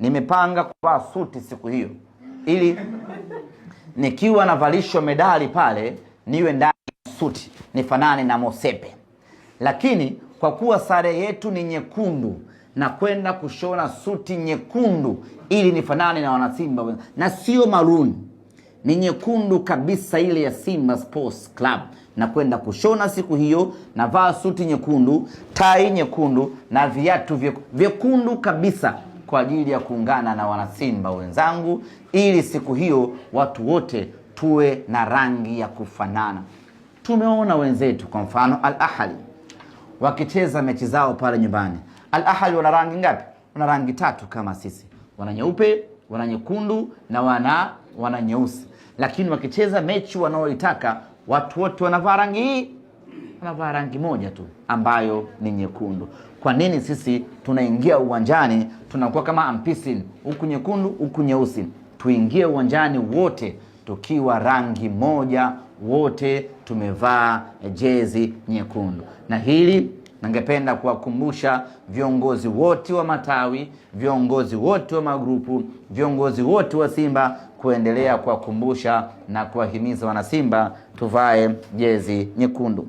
Nimepanga kuvaa suti siku hiyo ili nikiwa navalishwa medali pale niwe ndani ya suti nifanane na Mosepe, lakini kwa kuwa sare yetu ni nyekundu na kwenda kushona suti nyekundu ili nifanane na wanasimba, na sio maruni, ni nyekundu kabisa ile ya Simba Sports Club. Na kwenda kushona siku hiyo, navaa suti nyekundu, tai nyekundu na viatu vyekundu kabisa kwa ajili ya kuungana na wanasimba wenzangu, ili siku hiyo watu wote tuwe na rangi ya kufanana. Tumeona wenzetu, kwa mfano Al Ahli wakicheza mechi zao pale nyumbani. Al Ahli wana rangi ngapi? Wana rangi tatu kama sisi, wana nyeupe, wana nyekundu na wana wana nyeusi, lakini wakicheza mechi wanaoitaka watu wote wanavaa rangi hii anavaa rangi moja tu ambayo ni nyekundu. Kwa nini sisi tunaingia uwanjani tunakuwa kama ampisin, huku nyekundu, huku nyeusi? Tuingie uwanjani wote tukiwa rangi moja, wote tumevaa eh, jezi nyekundu. Na hili ningependa kuwakumbusha viongozi wote wa matawi, viongozi wote wa magrupu, viongozi wote wa Simba kuendelea kuwakumbusha na kuwahimiza wanasimba tuvae jezi nyekundu.